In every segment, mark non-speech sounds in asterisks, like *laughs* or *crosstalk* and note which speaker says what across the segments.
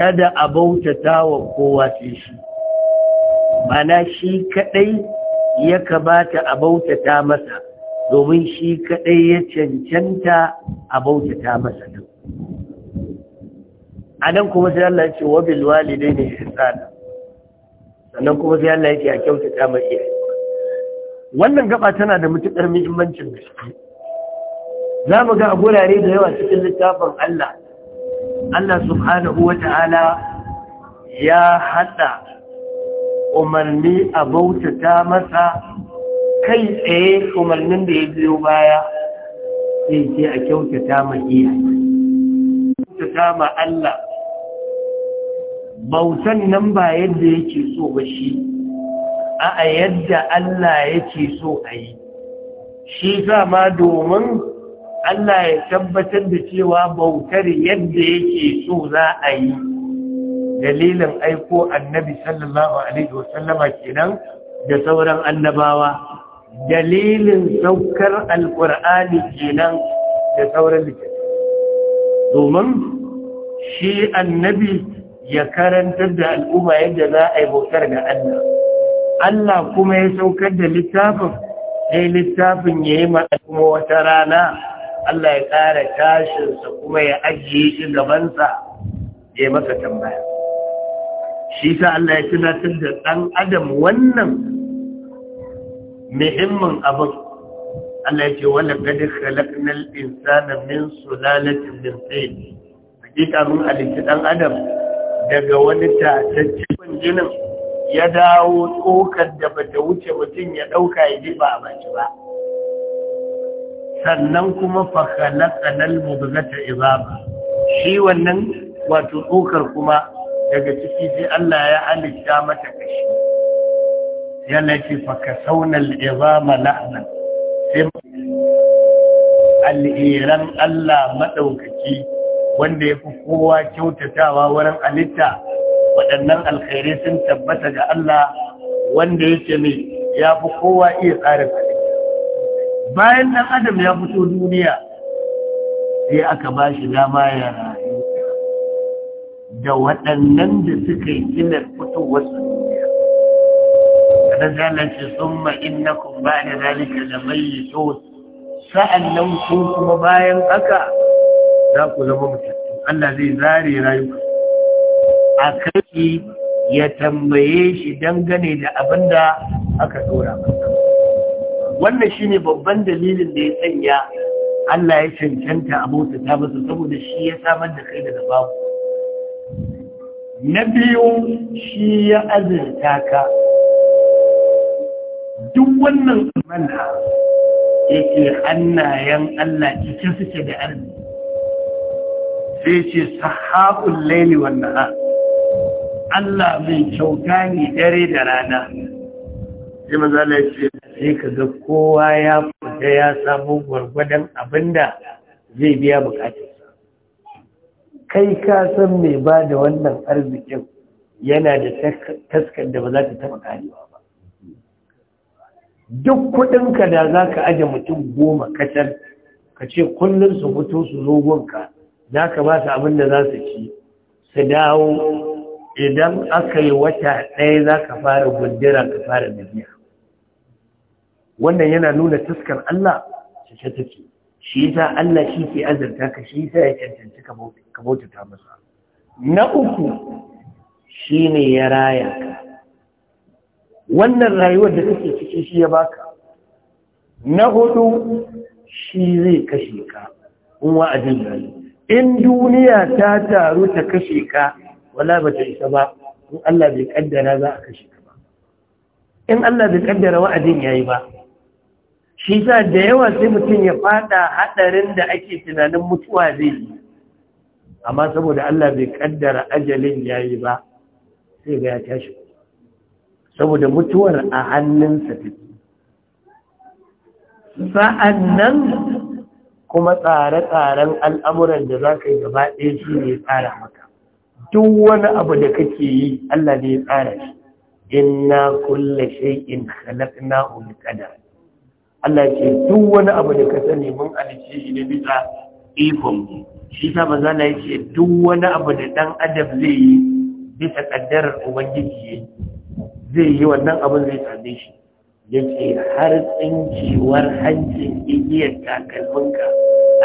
Speaker 1: kada a bautata wa kowa sai shi mana shi kadai ya kamata a bautata masa domin shi kadai ya cancanta a bautata masa duk a nan kuma sai Allah ya ce wa bil walidaini ihsana sannan kuma sai Allah ya ce a kyautata ma iyaye wannan gaba tana da mutukar muhimmancin gaske za mu ga a gurare da yawa cikin littafin Allah Allah subhanahu wa ta'ala ya haɗa umarni a bautata masa kai tsaye umarnin da ya biyo baya sai ce a kyautata ma iyaye kyautata ma Allah bautan nan ba yadda yake so ba shi a a yadda Allah yake so a yi shi sa ma domin Allah ya tabbatar da cewa bautar yadda yake so za a yi dalilin aiko annabi sallallahu alaihi wasallama kenan da sauran annabawa dalilin saukar alkur'ani kenan da sauran littattafai domin shi annabi ya karantar da al'umma yadda za a yi bautar da Allah Allah kuma ya saukar da littafin sai littafin ya yi ma al'umma wata rana Allah ya ƙara tashinsa kuma ya ajiye shi gabansa ya masa tambaya shi ta Allah ya tunatar da ɗan adam wannan muhimmin abin Allah ya ce wani gadi khalaqnal insana min sulalatin min tin hakika mun halitta ɗan adam daga wani tataccen jinin ya dawo tsokar da bata wuce mutum ya ɗauka ya ji ba a ba sannan kuma fa khalaqanal mudghata izama shi wannan wato tsokar kuma daga ciki sai Allah ya halitta mata kashi yana ce fa kasawnal izama lahman sai al'iran Allah maɗaukaki wanda ya fi kowa kyautatawa wurin halitta waɗannan alkhairai sun tabbata ga Allah wanda yake ne ya fi kowa iya tsarin bayan nan adam ya fito duniya sai aka ba shi dama ya rayu da waɗannan da suka yi gina fito wasu duniya kada zalace sun ma'inakun ba da zalika da mai sa'an nan ko kuma bayan haka za ku zama mutattu Allah zai zare rayuwa a kai ya tambaye shi dangane da abin da aka ɗora masa wannan shine babban dalilin da ya sanya Allah ya cancanta a bauta ta masa saboda shi ya samar da kai daga babu na biyu shi ya azurta ka duk wannan mana yake hannayen Allah cike suke da arziki sai ce sahabun laili wannan Allah mai kyauta ne dare da rana sai mazala ce sai ka ga kowa ya fita ya samu gwargwadon abinda zai biya bukatarsa kai ka san mai ba da wannan arzikin yana da taskar da ba za ta taba karewa ba duk kudinka da za ka aje mutum goma kacal ka ce kullum su mutu su zogonka, za ka ba su abin da za su ci su dawo idan aka yi wata ɗaya za ka fara gundura ka fara bibiya wannan yana nuna taskar Allah cike take shi yasa Allah shi ke azurta ka shi yasa ya cancanci ka bautata masa na uku shine ya raya ka wannan rayuwar da kake ciki shi ya baka na hudu shi zai kashe ka in wa'adin yayi in duniya ta taru ta kashe ka wala ba ta isa ba in Allah bai kaddara za a kashe ka ba in Allah bai kaddara wa'adin yayi ba shi sa da yawa sai mutum ya fada hadarin da ake tunanin mutuwa zai yi amma saboda Allah bai kaddara ajalin yi ba sai ga ya tashi saboda mutuwar a hannunsa Sa'an nan kuma tsare-tsaren al'amuran da za ka yi gaba ɗaya shi ne tsara maka duk wani abu da kake yi Allah ne ya tsara shi inna kulle shay'in na bi qadar Allah ce duk wani abu da ka sani mun alice shi ne bisa ikon mu shi sa manzo Allah ce duk wani abu da dan adam zai yi bisa kaddarar ubangiji zai yi wannan abin zai same shi yake har tsinkewar hancin igiyar takalminka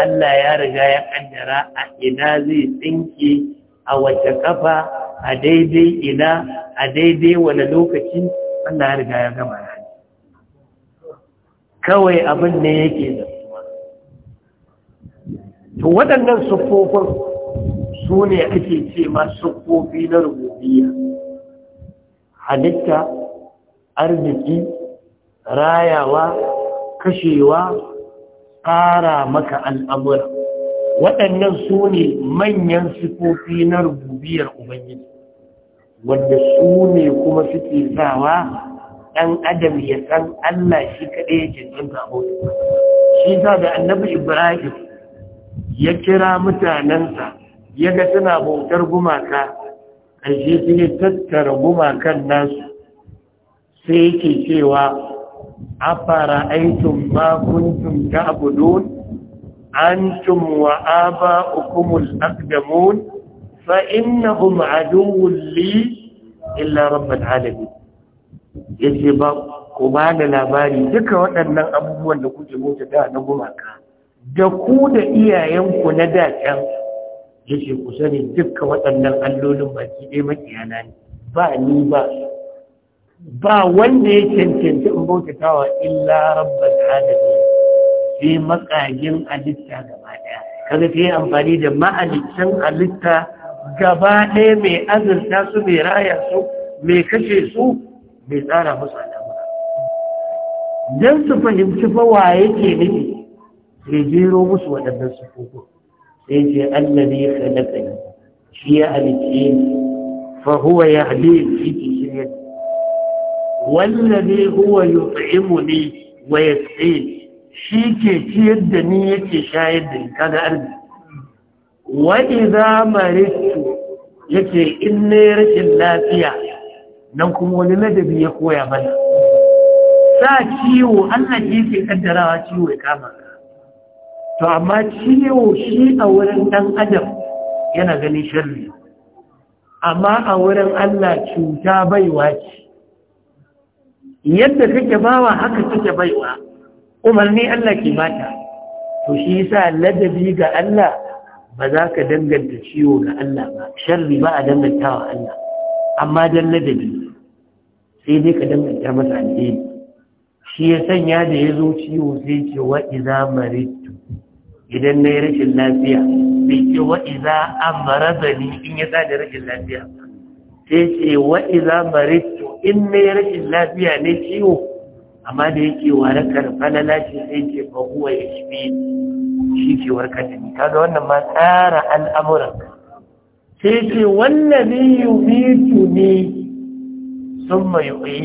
Speaker 1: Allah ya riga ya kaddara a ina zai tsinke a wace kafa a daidai ina a daidai wani lokaci Allah ya riga ya gama kawai abin ne yake da to waɗannan siffofin su ne ake ce ma siffofi na rububiya halitta arziki rayawa kashewa ƙara maka al'amura waɗannan su ne manyan siffofi na rububiyar ubangiji wanda su ne kuma suke sawa ɗan adam ya san Allah shi kaɗai yake ɗan abota shi ta da annabi ibrahim ya kira mutanensa ya ga suna bautar gumaka ƙarshe su tattara gumakan nasu sai yake cewa afara aikin makuntun ta abudun ukumul وآباؤكم fa innahum عدو li illa rabbul alamin ya ba ku ba da labari duka waɗannan abubuwan da kuke mota da na gumaka da ku da iyayenku na da can ya ce ku sani duka waɗannan allolin baki ɗaya makiyana ne ba ni ba ba wanda ya cancanci in bauta tawa illa rabbal alamin sai makagin alitta gaba ɗaya kaga yi amfani da ma'alicin alitta gaba ɗaya mai azurta su mai raya su mai kashe su bai tsara musu al'amura don su fahimci fa wa yake nufi sai jero musu waɗannan sufofin sai ce allazi khalaqani shi ya halicce ni fa huwa yahdini shi ke shirya wallazi huwa yut'imuni wa yasqini shi ke ciyar da ni yake shayar da ni kaga arziki wa idza maritu yake in ne rashin lafiya Don kuma wani ladabi ya koya bana sa ciwo Allah ne ke kaddarawa ciwo ya kama ka to amma ciwo shi a wurin ɗan adam yana ganin sharri amma a wurin Allah cuta baiwa ce yadda kake bawa haka kake baiwa umarni Allah ke bata to shi yasa ladabi ga Allah ba za ka danganta ciwo ga Allah ba sharri ba a dangantawa Allah amma dan ladabi sai dai ka danganta masa alheri shi ya sanya da ya zo ciwo sai ce wa iza maritu idan na yi rashin lafiya Sai ce wa iza amarazani in ya sa da rashin lafiya sai ce wa iza maritu in na yi rashin lafiya ne ciwo amma da yake karfa na ce sai ce fa huwa ya shi shi ke warkar da ni kaga wannan ma tsara al'amuran sai ce wallazi yumitu ne ثم يقيه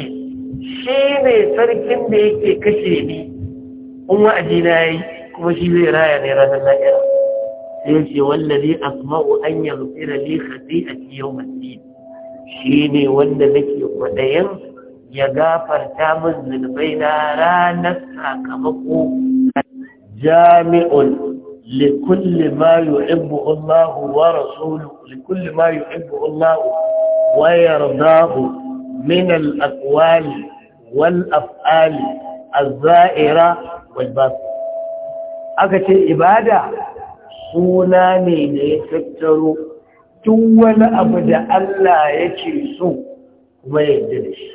Speaker 1: شين سركن بيك كشيبي وما أجيناي كما شيبي رايا نيران الله سيسي والذي أطمع أن يغفر لي خطيئة يوم الدين شين وند لك يقعدين يغافر تامز من بين رانس حاكمكو جامع لكل ما يحبه الله ورسوله لكل ما يحبه الله ويرضاه من الأقوال والأفعال الزائرة والباطنة aka ce ibada suna ne da ya tattaro tun wani abu da Allah yake so kuma ya yarda da shi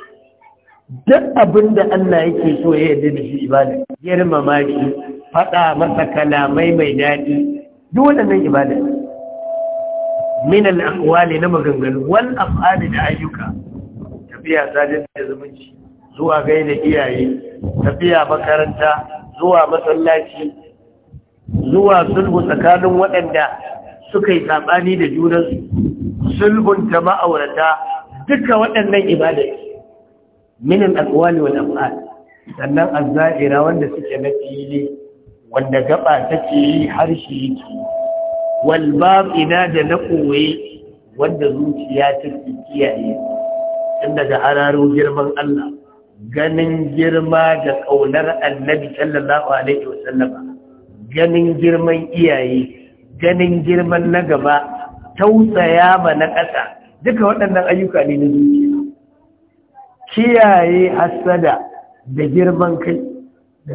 Speaker 1: duk abin da Allah yake so ya yarda da shi ibada girmama faɗa masa kalamai mai daɗi duk waɗannan ibada min al na maganganu wal af'ali da ayyuka tafiya sadar da zumunci zuwa gaina iyaye tafiya makaranta zuwa masallaci zuwa sulhu tsakanin waɗanda suka yi saɓani da junansu ta ma'aurata duka waɗannan ibadai minin al'uwali wa ɗan'ad sannan azza'ira wanda suke na fili wanda gaba take yi harshe yake ina da na koye wanda zuciya take kiyaye tun daga hararo girman Allah ganin girma da ƙaunar annabi sallallahu alaihi wasallama ganin girman iyaye ganin girman na gaba tausaya ma na ƙasa duka waɗannan ayyuka ne na zuciya kiyaye hasada da girman kai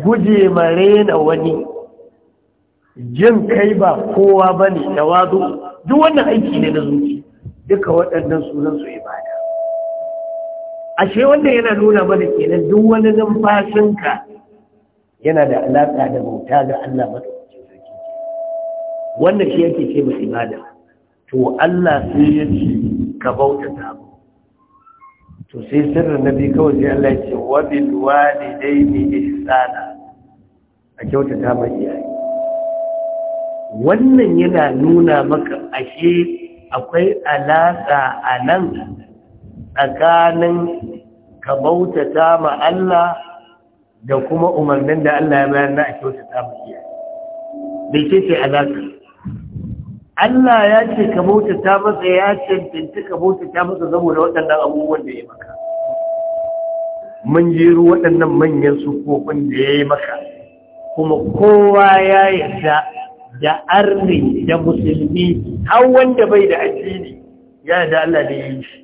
Speaker 1: guje ma rena wani jin kai ba kowa ba ne da wazo duk wannan aiki ne na zuci duka waɗannan sunan su ibada ashe wanda yana nuna mana kenan duk wani numfashinka yana da alaƙa da bauta ga Allah madaukakin sarki wannan shi yake ce mai ibada to Allah sai ya ce ka bauta ta abu to sai sirrin nabi kawai sai Allah ya ce wa bil walidaini ihsana a kyautata mai iyaye wannan yana nuna maka ashe akwai alaƙa a nan tsakanin ka bautata ma Allah da kuma umarnin da Allah ya bayar na a kyautata ma iyaye bai ce ce alaka Allah ya ce ka bautata masa ya cancanci ka bautata masa saboda waɗannan abubuwan da ya maka mun jiru waɗannan manyan sukofin da ya yi maka kuma kowa ya yarda da arni da musulmi har wanda bai da addini ya yarda Allah da ya yi shi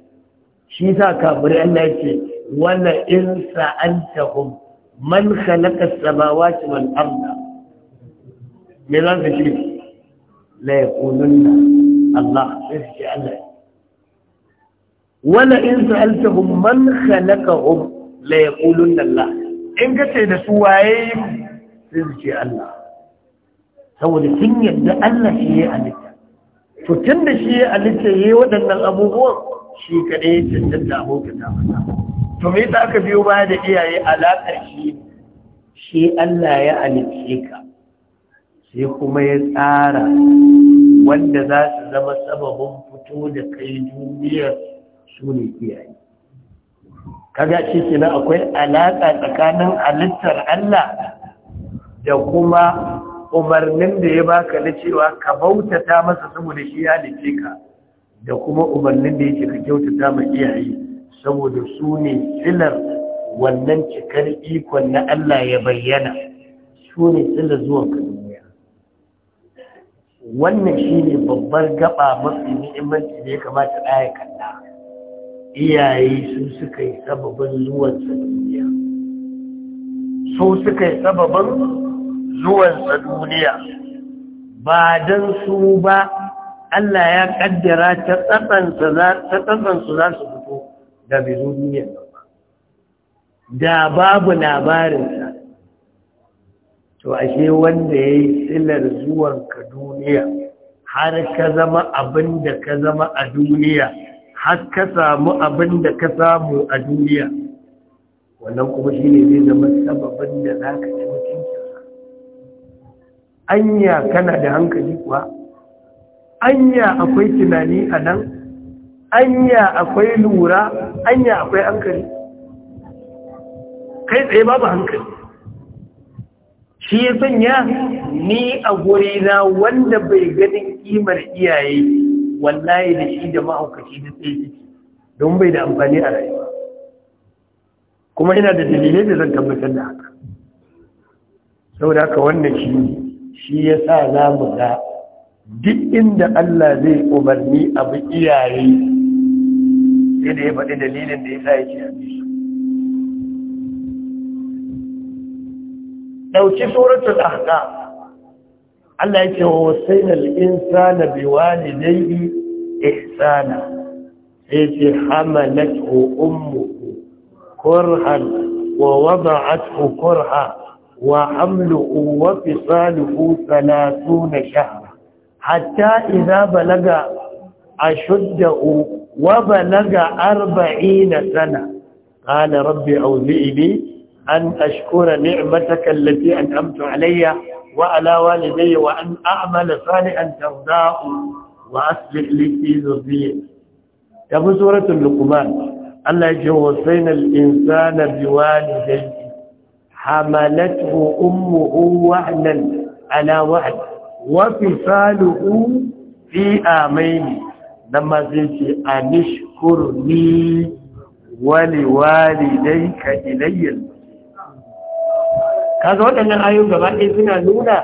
Speaker 1: shi sa kafirai Allah ya ce wala in sa'antahum man khalaqas samawati wal arda me za ka ce la yaqulunna Allah sai Allah wala in sa'altahum man khalaqahum la yaqulunna Allah in ka ce da su waye sai su ce Allah saboda kin yadda Allah shi ya alika to da shi ya alice yi waɗannan abubuwan shi kaɗai ya cancanta abokin ta mata to ta aka biyo baya da iyaye alaƙar shi shi Allah ya alice ka sai kuma ya tsara wanda za su zama sababin fito da kai duniyar su ne iyaye kaga shi kenan akwai alaƙa tsakanin halittar Allah da kuma umarnin da ya baka na cewa ka bautata masa saboda shi ya dace ka da kuma umarnin da yake ka kyautata ma iyaye saboda su ne silar wannan cikar ikon na Allah ya bayyana su ne silar zuwa ka duniya wannan shi ne babbar gaba mafi muhimmanci da ya kamata ɗaya kalla iyaye su suka yi sababin zuwansa duniya su suka yi sababin zuwansa duniya ba don su ba Allah ya kaddara ta tsatsansu za su fito da bai duniya da babu labarinsa to ashe wanda ya yi tsilar zuwanka duniya har ka zama abin da ka zama a duniya har ka samu abin da ka samu a duniya wannan kuma shi ne zai zama sababin da za ka anya kana da hankali kuwa anya akwai tunani a nan anya akwai lura anya akwai hankali kai tsaye babu hankali shi ya sanya ni a gori na wanda bai ganin kimar iyaye wallahi da shi da ma'aukaci da tsaye ciki don bai da amfani a rayuwa kuma ina da dalilai da zan tabbatar da haka sau da haka wannan shi ne shi ya sa za mu ga duk inda Allah zai umarni abu iyaye sai da ya faɗi dalilin da ya sa ya ce a bisu ɗauki suratul ahqa Allah ya ce wa wasaina al-insana biwalidayhi ihsana sai ce Hama na hamalathu ummuhu kurhan wa wada'athu kurha وحمله وفصاله ثلاثون شهرا حتى إذا بلغ أشده وبلغ أربعين سنة قال ربي أوزئني أن أشكر نعمتك التي أنعمت علي وعلى والدي وأن أعمل صالحا ترضاه وأصلح لي في ذريتي كما سورة اللقمان الله يجوزين الإنسان بوالديه حملته أمه وعلا على وهن وفصاله في آمين لما زيتي أنشكر ولوالديك إلي kaga waɗannan ayoyin gaba ɗaya suna nuna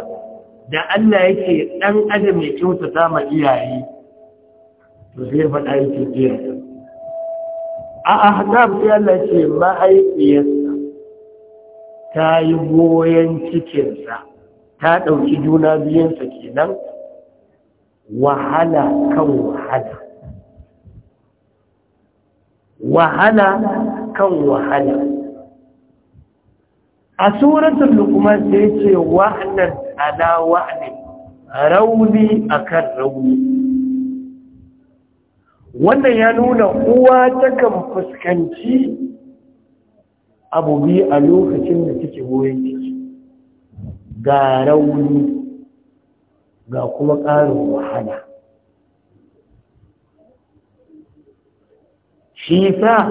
Speaker 1: da Allah yake ɗan adam ya kyautata ma iyaye to sai faɗa yake jiya a ahnab sai Allah ce ta yi goyon cikinsa ta ɗauki juna biyunsa kenan wahala kan wahala wahala kan wahala a suratun lukman sai ce wa'anan ala wa'anin rauni akan rauni wannan ya nuna uwa takan fuskanci abu biyu a lokacin da kike goyon ciki ga rauni ga kuma ƙarin wahala shi ta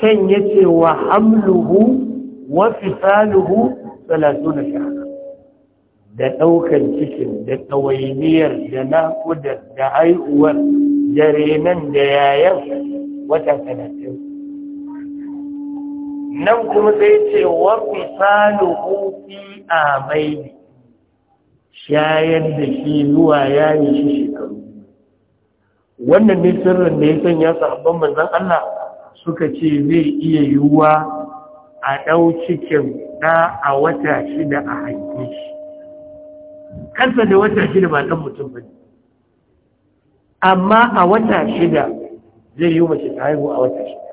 Speaker 1: can ya ce wa hamluhu wa fisaluhu salatu na da ɗaukar cikin da ɗawainiyar da naƙudar da haihuwar da renan da yayan wata talatin nan kuma sai ce wa hu fi amaini shayar da shi zuwa yayi shi shekaru wannan ne sirrin da ya sanya sahabban manzon Allah suka ce zai iya yiwuwa a ɗau cikin da a wata shida a haife shi kansa da wata shida ba ɗan mutum ba ne amma a wata shida zai yi mace ta haihu a wata shida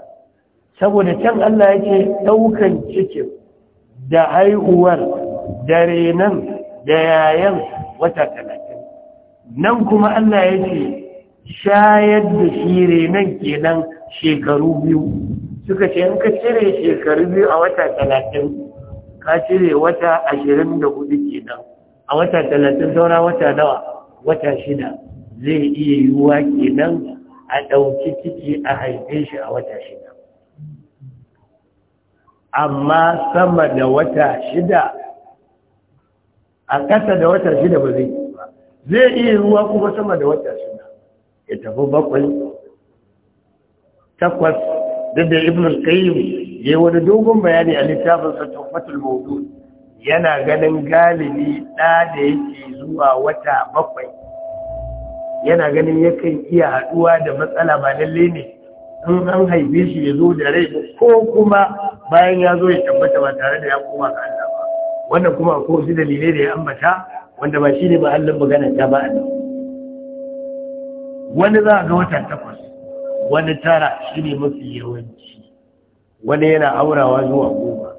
Speaker 1: saboda can Allah yake ɗaukan cikin da haihuwar da renan da yayan wata talatin nan kuma Allah yake shayar da shi renan kenan shekaru biyu suka ce in ka cire shekaru biyu a wata talatin ka cire wata ashirin da hudu kenan a wata talatin saura wata nawa wata shida zai iya yiwuwa kenan a ɗauki ciki a haife shi a wata shida amma sama da wata shida a ƙasa da wata shida ba zai ba zai iya ruwa kuma sama da wata shida ya tafi bakwai takwas duk da ibn al-qayyim yayi wani dogon bayani a littafin sa tuhfatul mawdu yana ganin galibi da da yake zuwa wata bakwai yana ganin yakan iya haduwa da matsala ba lalle ne an an haife shi ya zo da rai ko kuma bayan ya zo ya tabbata ba tare da ya koma ga Allah ba wannan kuma ko shi dalilai da ya ambata wanda ba shi ne ba Allah magana ta ba Allah wani za a ga wata takwas wani tara shi ne mafi yawanci wani yana aurawa zuwa goma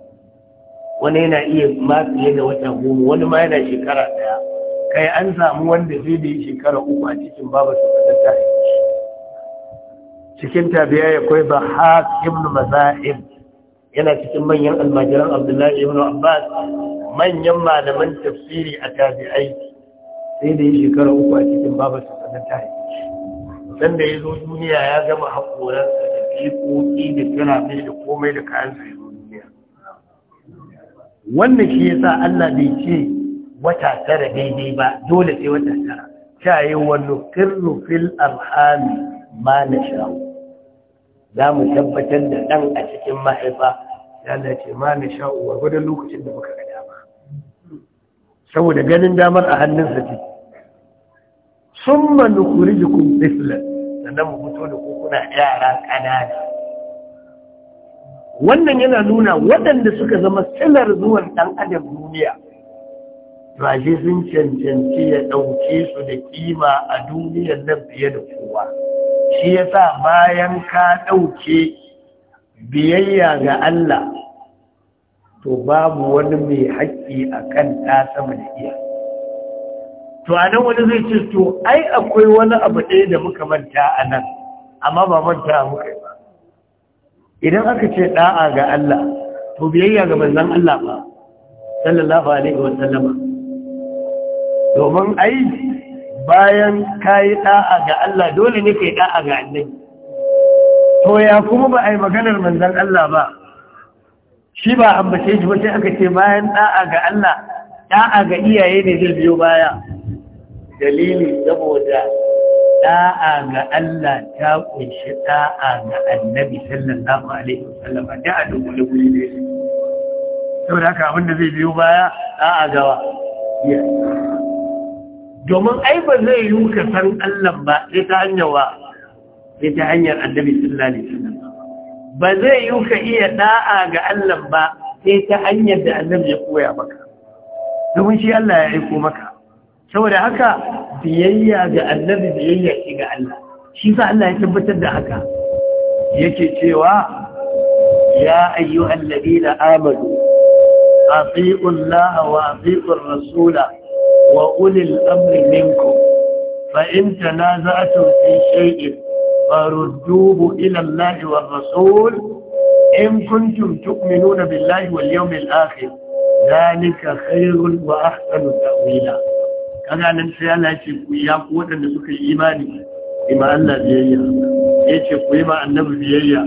Speaker 1: wani yana iya ma fiye da wata goma wani ma yana shekara daya kai an samu wanda zai da yi shekara uku a cikin babu su tarihi. cikin tabiya akwai bahaq ibn mazahib yana cikin manyan almajiran abdullahi ibn abbas manyan malaman tafsiri a tabi'ai sai da ya shekara uku a cikin babar sannan ta sanda ya zo duniya ya gama haƙoran da fiƙoƙi da mai da komai da kayan duniya. wannan shi yasa Allah bai ce wata tara daidai ba dole sai wata tara ta yi wannan kirru fil arhami ma na sha'u za mu tabbatar da ɗan a cikin mahaifa yana ce ma na sha'u a gudun lokacin da muka ga dama saboda ganin damar a hannunsa ce sun ma da jikun bislan sannan mu fito da kukuna yara ƙanana wannan yana nuna waɗanda suka zama silar zuwan ɗan adam duniya ba sun cancanci ya ɗauke su da kima a duniyar nan fiye da kowa. shi yasa bayan ka ɗauke biyayya ga Allah to babu wani mai haƙƙi a kan sama da iya to a nan wani zai ce to ai akwai wani abu ɗaya da muka manta a nan amma ba manta muka ba idan aka ce ɗa'a ga Allah to biyayya ga manzan Allah ba sallallahu alaihi wa sallama domin ai bayan ka yi ɗa'a ga Allah dole ne ka yi ɗa'a ga annabi to ya kuma ba a yi maganar manzan Allah ba shi ba ambace shi wace aka ce bayan ɗa'a ga Allah ɗa'a ga iyaye ne zai biyo baya dalili saboda ɗa'a ga Allah ta ƙunshi ɗa'a ga annabi sallallahu alaihi wasallam da a dubule guri ne saboda haka abinda zai biyo baya ɗa'a gawa domin ai ba zai yi ka san Allah ba sai ta hanyar wa ta hanyar annabi sallallahu ba zai yi ka iya da'a ga Allah ba sai ta hanyar da annabi ya koya maka domin shi Allah ya aiko maka saboda haka biyayya ga annabi biyayya ce ga Allah shi sa Allah ya tabbatar da haka yake cewa ya ayyuhal ladina amanu atiiu Allah wa atiiu rasula wa ulil amri minkum fa in tanaza'tum fi shay'in farudduhu ila Allah wa rasul in kuntum tu'minuna billahi wal yawmil akhir zalika khairun wa ahsanu ta'wila kaga nan sai Allah ya ce ku ya ku wadanda suka yi imani ima Allah biyayya yace ku yi ma annabi biyayya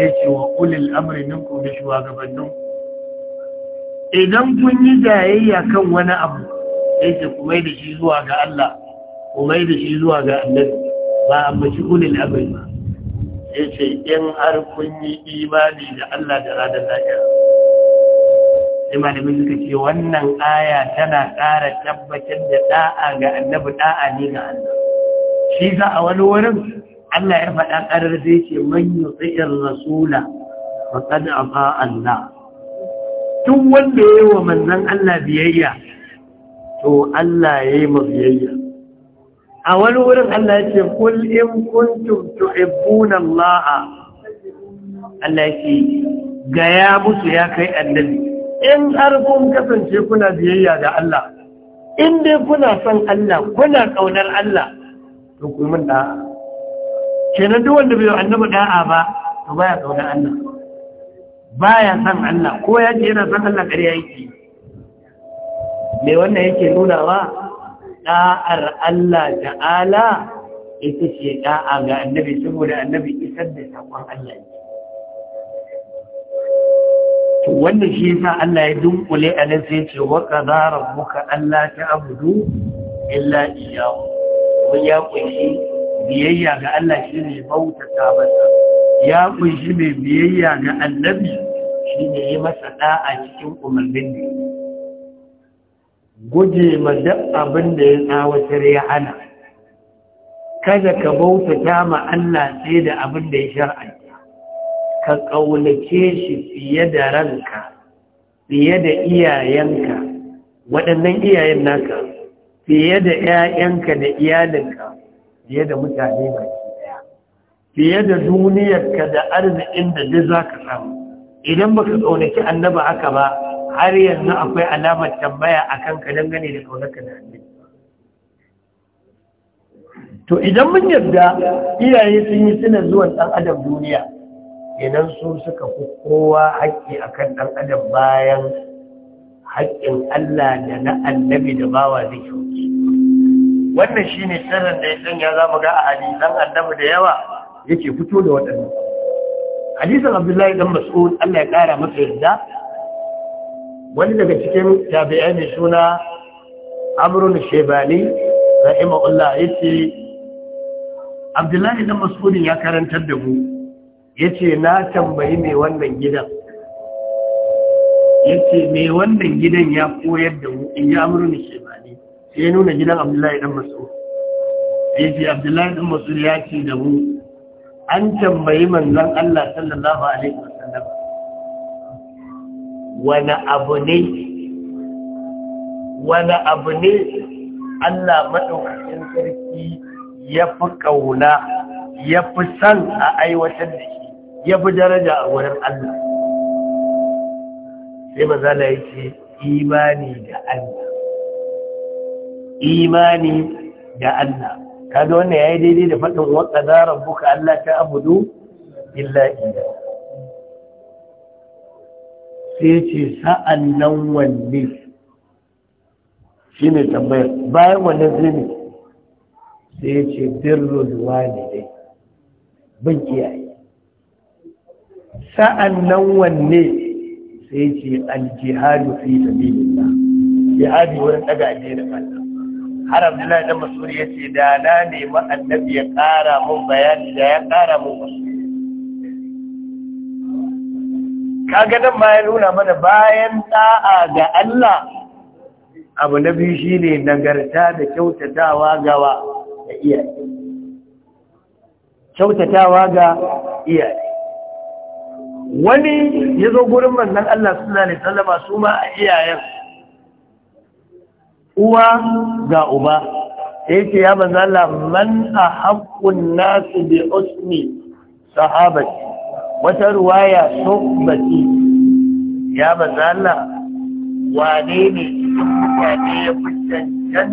Speaker 1: yace wa ulil amri minkum da shugabannin idan kun yi jayayya kan wani abu sai ce kuma da shi zuwa ga Allah kuma da shi zuwa ga annabi ba a mace ulil amri ba sai ce in har kun yi imani da Allah da ranar lahira sai malamin suka ce wannan aya tana ƙara tabbatar da da'a ga annabi da'a ne ga Allah shi za a wani wurin Allah ya faɗa ƙarar zai ce man yutsi'ir rasula faqad afa Allah duk wanda yayi wa manzon Allah biyayya to Allah ya yi mabiyayya a wani wurin Allah ya ce kul in kuntum tuhibbuna Allah Allah ya ce gaya musu ya kai annabi in har kun kasance kuna biyayya da Allah in dai kuna son Allah kuna kaunar Allah to ku mun da'a kenan duk wanda bai annabi da'a ba to baya kaunar Allah baya son Allah ko ya ce yana son Allah ƙarya yake me wannan yake nuna nunawa da'ar Allah ta'ala ita ce ɗa'a ga annabi saboda annabi isar da sakon Allah ne to wannan shi sa Allah ya dunkule a nan sai ce wa muka Allah ta ta'budu illa iyyahu wa ya ƙunshi biyayya ga Allah shi ne bauta ta masa ya ƙunshi mai biyayya ga annabi shi ne yi masa da'a cikin umarnin da guje ma duk abin da ya tsawatar ya hana kada ka bauta ma Allah sai da abin da ya shar'anta ka ƙaunace shi fiye da ranka fiye da iyayenka waɗannan iyayen naka fiye da 'ya'yanka da iyalinka fiye da mutane baki daya fiye da duniyarka da arzikin da duk za ka samu idan ba ka ƙaunaci annaba haka ba har yanzu akwai alamar tambaya a kan ka dangane da kaunarka na to idan mun yarda iyaye sun yi suna zuwan ɗan adam duniya idan su suka fi kowa haƙƙi akan ɗan adam bayan haƙƙin Allah da na annabi da bawa zai shuki wannan shi ne sirrin da ya san za mu ga a hadisan annabi da yawa yake fito da waɗannan hadisan abdullahi dan mas'ud Allah ya ƙara masa yarda wani daga cikin tabi'ai mai suna Shebali, shebani rahimahullah ya ce abdullahi na masudin ya karantar da mu ya ce na tambayi mai wannan gidan ya ce mai wannan gidan ya koyar da mu in yi amurin shebali sai ya nuna gidan abdullahi na Mas'udin? ya ce abdullahi na Mas'udin ya ce da mu an tambayi manzan allah sallallahu alaihi wani abu ne wani abu ne Allah maɗaukacin sarki ya fi ƙauna ya fi son a aiwatar da shi ya fi daraja a wurin Allah sai mazala ya ce imani da Allah imani da Allah kaga wannan yayi daidai da faɗin wa buka allah ta abudu illa iyyah sai ce sa'an nan wanne shi ne tambayar bayan wanne zini sai ce ne dai bin kiyaye sa'an nan wanne sai ce aljihadu fi sabilillah jihadi wurin daga da Allah har Abdullahi dan ya ce da na nemi annabi ya kara mun bayani da ya kara mun wasu kaga nan ma ya nuna mana bayan da'a ga Allah abu na biyu shi ne nagarta da kyautatawa gawa da iyaye kyautatawa ga iyaye wani ya zo gurin manzan Allah suna alaihi wasallama su ma a iyayen uwa ga uba sai yake ya manzan Allah man haƙƙun nasu bi usni sahabati wata ruwaya baki ya bazala wane ne cikin mutane ya fi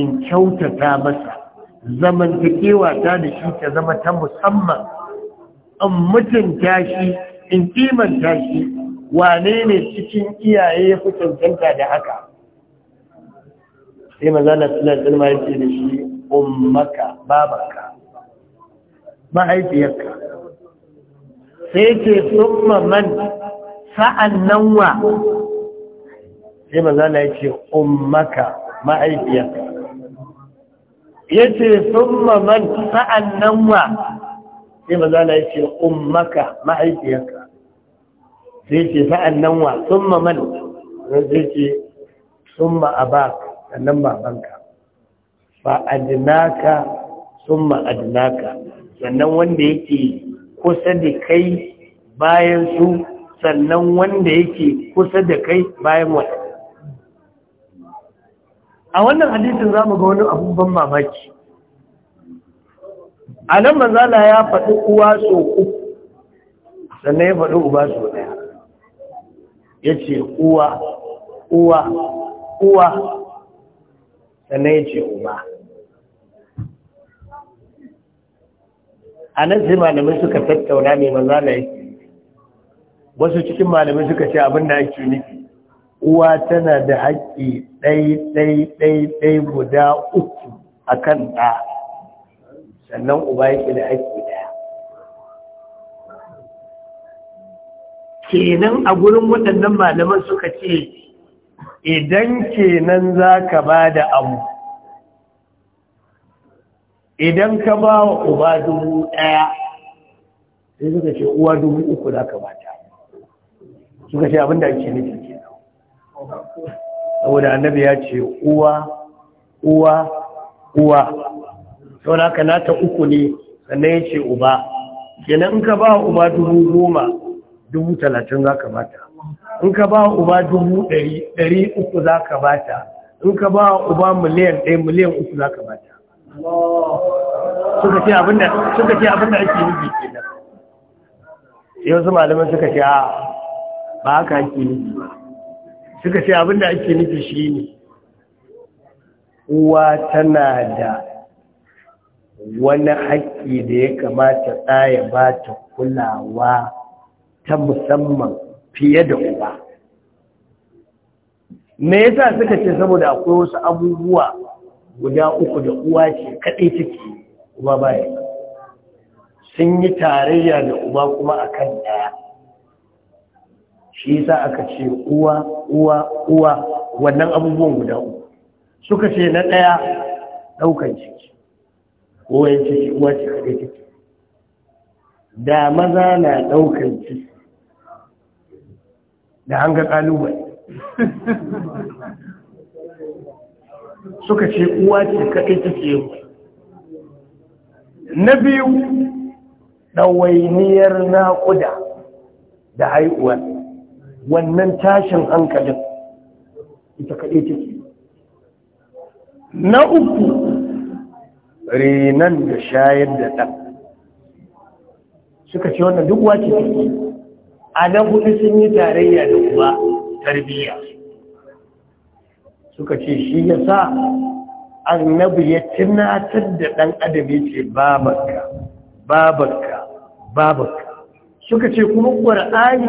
Speaker 1: in kyautata masa zamantakewa ta da shi ta zama ta musamman in mutunta shi in kimanta shi wane ne cikin iyaye ya fi cancanta da haka sai maza suna tsalma ce da shi ummaka babanka mahaifiyarka sai ce tsumma man sa’an nan wa sai mazala ya ce ummaka mahaifiyarka ya ce summa man nan wa sai mazala ya ce ummaka mahaifiyarka sai ce nan wa tsumma man sai ce a ba sannan babanka ba adinaka tsumma adinaka sannan wanda yake kusa da kai bayan su sannan wanda yake kusa da kai bayan wata a wannan hadisin za mu ga wani abubuwan mamaki a nan manzala ya faɗi uwa so uku sannan ya faɗi uba so ɗaya ya ce uwa uwa uwa sannan ya ce uba a nan sai malamai suka tattauna ne maza na yake wasu cikin malamai suka ce abin da ake nufi uwa tana da haƙƙi ɗai-ɗai-ɗai guda uku a kan ɗa sannan uba yake da haƙƙi ɗaya kenan a gurin waɗannan malaman suka ce idan kenan za ka ba da abu idan ka ba wa uba dubu ɗaya sai suka ce uwa dubu uku za ka ta. suka ce da ake nufi ke saboda annabi ya ce uwa uwa uwa sau da haka nata uku ne sannan ya ce uba kenan in ka ba wa uba dubu goma dubu talatin za ka ta. in ka ba wa uba dubu ɗari uku za ka ta. in ka ba wa uba miliyan ɗaya miliyan uku za ka ta. suka ce abinda suka ake nufi kenan sai wasu suka ce a ba haka ake nufi ba suka ce abinda ake nufi ne. uwa tana da wani haƙƙi da ya kamata ɗaya ba ta kulawa ta musamman fiye da uba me yasa suka ce saboda akwai wasu abubuwa guda uku da uwa ce kaɗai ciki uba baya sun yi tarayya da uba kuma akan ɗaya shi za aka ce uwa uwa uwa wannan abubuwan guda uku suka ce na ɗaya ɗaukan ciki ko ciki uwa ce kaɗai ciki da maza na ɗaukan ciki da an ga ƙalubale *laughs* suka ce uwa ce kaɗai take yi na biyu ɗawainiyar naƙuda da haihuwar wannan tashin hankalin ita kaɗai take na uku renan da shayar da ɗan suka ce wannan duk wace take a na hudu sun yi tarayya da uba tarbiyya suka ce shi ya sa annabi ya tunatar da ɗan adam ya ce babanka babanka babanka suka ce kuma ƙwar'ani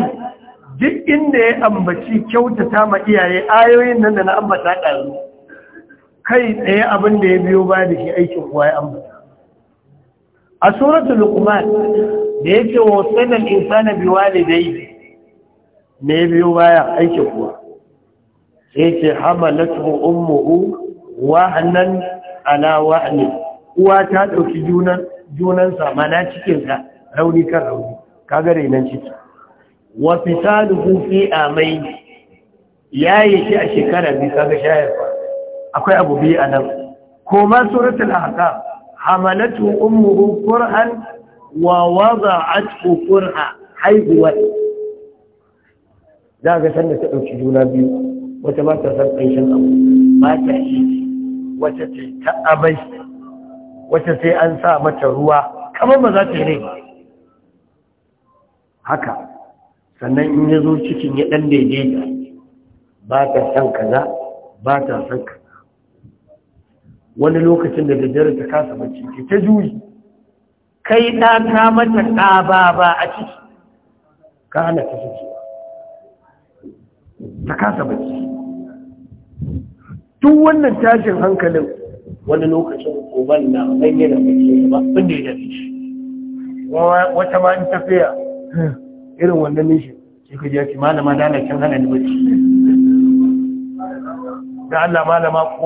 Speaker 1: duk inda ya ambaci kyautata ma iyaye ayoyin nan da na ambata ɗazu kai tsaye abin da ya biyo ba da shi aikin kuwa ya ambata a suratul luqman da yake wasanan insana biwalidayhi ne biyo baya aikin kuwa sai ce hamalatu ummuhu wahnan ala wahni uwa ta dauki junan junansa mana cikin sa rauni kan rauni kaga renan ciki wa fisaluhu fi amai yayi shi a shekara biyu kaga shayarwa akwai abu bi anan koma suratul ahqa hamalatu ummuhu qur'an wa wada'athu qur'a haihuwa za ga sanda ta dauki juna biyu wata ba ta san ƙanshin abu ba ta yi wata ce ta amai wata sai an sa mata ruwa kamar ba za ta yi haka sannan in ya zo cikin ya ɗan daidaita ba ta san kaza ba ta san kaza wani lokacin da daddare ta kasa bacci ke ta juyi kai ɗa ta mata ɗaba ba a ciki ka hana ta suke ta kasa bacci duk wannan tashin hankalin wani lokacin uban na nan bacci ba abin da ya dace shi wata ma in tafiya irin wannan nishin shi ka ji malama da hana da bacci da Allah malama